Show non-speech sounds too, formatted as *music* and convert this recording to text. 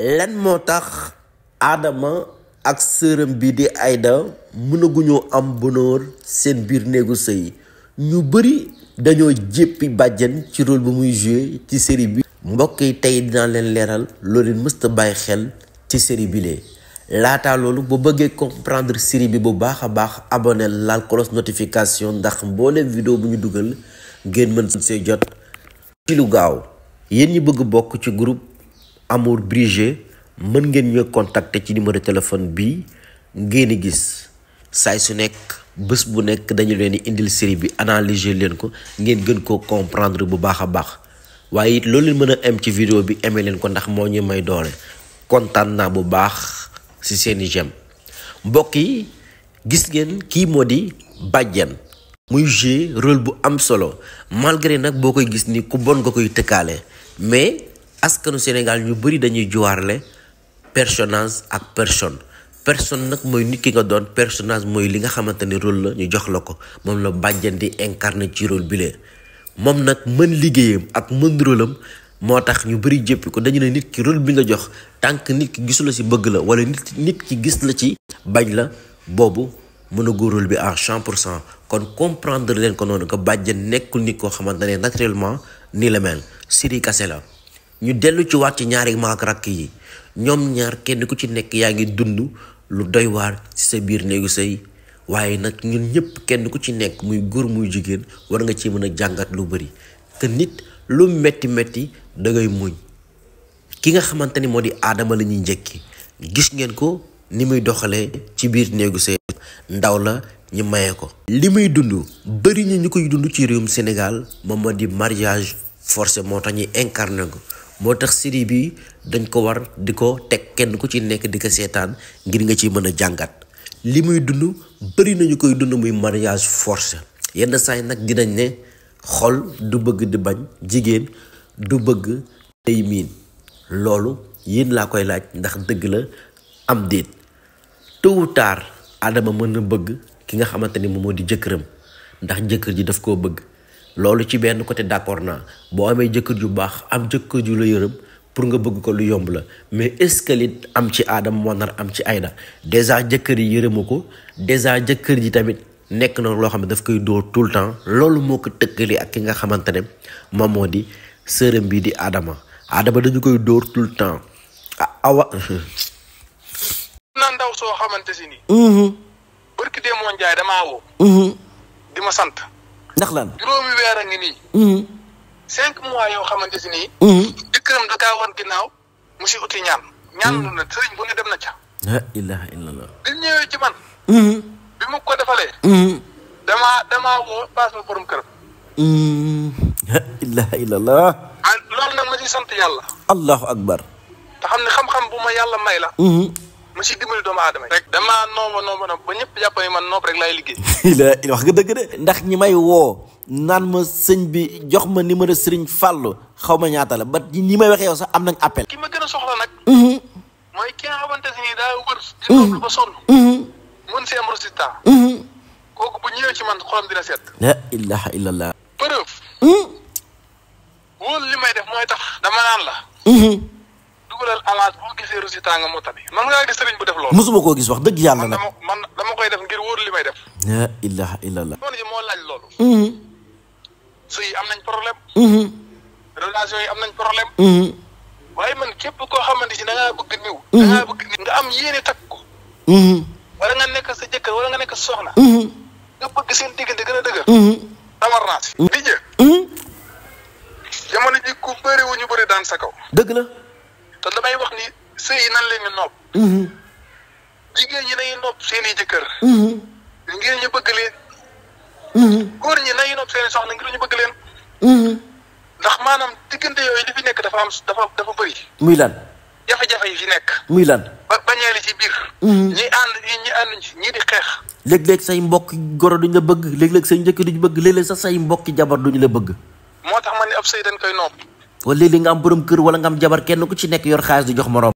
lan moo tax aadama ak sëram bi di ayda mënaguñoo am bonheur seen biir néegu sëy ñu bëri dañoo jéppi bàjjen ci rôle bu muy joué ci série bi mbokk yi tey dinaa leen leeral loo leen mësta bàyyi xel ci série bi lee laataa loolu bu bëggee comprendre série bi bu baax a baax abonné laal cloche notification ndax boo vidéo bu buñu dugal ngeen mën see jot ci lu gaaw yéen ñi bëgg bokk ci groupe Amour Brigé mën ngeen ñoo contacter ci numéro téléphone bi ngeen i gis saay su nekk bés bu nekk dañu leen di indil série bi analyser leen ko ngeen gën ko comprendre bu baax a baax waaye it loolu leen mën a am ci vidéo bi amee leen ko ndax moo ñu may doole kontaan naa bu baax ci seeni j'aime mbokk yi gis ngeen kii moo di bàjjan muy jouer rôle bu am solo malgré nag boo koy gis ni ku bon nga koy tëkkaale mais askanu Sénégal ñu bëri dañuy juwaarle personnage ak personne personne nag mooy nit ki nga doon personnage mooy li nga xamante ne rôle la ñu jox la ko moom la bàjjan di incarné ci rôle bi lee moom nag mën liggéeyam ak mën rôle moo tax ñu bëri jëpp ko dañu ne nit ki rôle bi nga jox tànk nit ki gisula la ci bëgg la wala nit nit ki gis la ci bañ la boobu mën a góorul bi à 100 pour cent kon comprendre leen ko noonu que bàjjan nekkul nit koo xamante ne naturellement nii Siri Kase ñu dellu ci waat ci ñaari maak rakk yi ñoom ñaar kenn ku ci nekk yaa ngi dund lu doy ci sa biir néegu sëy waaye nag ñun ñëpp kenn ku ci nekk muy góor muy jigéen war nga ci mën a jàngat lu bari te nit lu metti metti dangay muñ ki nga xamante ni moo di aadama lañuy ñuy njëkki gis ngeen ko ni muy doxalee ci biir néegu sëy ndaw la ñu maye ko li muy dund bëri na ñu koy dund ci réewum Sénégal moom moo di mariage forcé moo tax ñuy incarné ko moo tax série bi dañ ko war di ko teg kenn ku ci nekk di ko seetaan ngir nga ciy mën a jàngat li muy dund bari nañu koy dund muy mariage force yenn saay nag dinañ ne xol du bëgg di bañ jigéen du bëgg day miin loolu yéen laa koy laaj ndax dëgg la am déet tôt ou tard Adama mën na bëgg ki nga xamante ni moom di jëkkëram ndax jëkkër ji daf ko bëgg loolu ci benn côté d'accord naa boo amee jëkkër ju baax am jëkkër ju la yërëm pour nga bëgg ko lu yomb la mais est-ce que li am ci aadam moo na am ci ayda déjà jëkkër yi yërëmu ko déjà jëkkër ji tamit nekk na loo xam ne daf koy dóor tout le temps loolu moo ko tëkkali ak ki nga xamante ne moom moo di sërëm bii di aadama aadama dañu koy dóor tout le temps ah, awa mm-hmm. mm-hmm. di ma sant ndax lan juróomi weer ngi nii. Hmm. cinq mois yoo xamante si nii. Hmm. jëkkëram da kaa war ginnaaw mu si uti ñaan. ñaan hmm. lu na sëriñ bu ne dem na ca. la ilaha illallah. bi ñëwee ci bi mu ko defalee. damaa damaa woo paas ma borom këram. la ilaha illallah. ah sant allahu akbar. te xam xam-xam bu ma yàlla may mu si dimbali doomu aadama yi rek damaa nooma nooma noom ba ñëpp jàpp ne man nopp rek laay liggéey la *laughs* il wax nga dëgg de ndax ñi may woo naan ma sëñ bi jox ma numéro sëriñ Fallou xaw ma ñaata la ba ñi may waxee yow am nañ appel ki gën a soxla nag mm-hmm. mooy ki nga xamante si nii mm-hmm. ba sonn mm-hmm. mën ci man xolam dina set la ilaha illallah preuve wóolu li may def mooy tax dama naan la seeru si tàng mu tabi man ngaa gis sëriñ bu def loolu. mosuma koo gis wax dëgg yàlla nag man dama koy def ngir wóor li may def. la ilaha illallah. noonu yi moo laaj loolu. Mm-hmm. sëy am nañ problème. Mm-hmm. relation yi am nañ problème. Mm-hmm. waaye man képp koo xamante si da ngaa bëgg niw. nga am yéene takk ko. wala nga nekk sa jëkkër wala nga nekk sa soxna. nga bëgg seen diggante gën dëgër. tawar naa si. di jë. jamono ji ku bëri wu ñu daan sa dëgg la. sëy nañ leen di nopp. Mm-hmm. jigéen ñi nañu nopp seen i jëkkër. Mm-hmm. ngir ñu bëgg leen. Mm-hmm. góor ñi nañu nopp seen i soxna ngir ndax maanaam diggante yooyu li fi nekk dafa am dafa dafa bëri. muy lan. jafe-jafe yi fi nekk. muy lan. ba bañeeli ci biir. ñi ànd ñi ànd ci ñii di xeex. léeg-léeg say mbokk goro duñ la bëgg léeg-léeg say njëkk duñ bëgg léeg-léeg sax say mbokki jabar duñu la bëgg. moo tax man ni ab sëy dañ koy nopp. wala léeg-léeg nga am borom kër wala nga am jabar kenn ku ci nekk yor xaalis du jox moroom.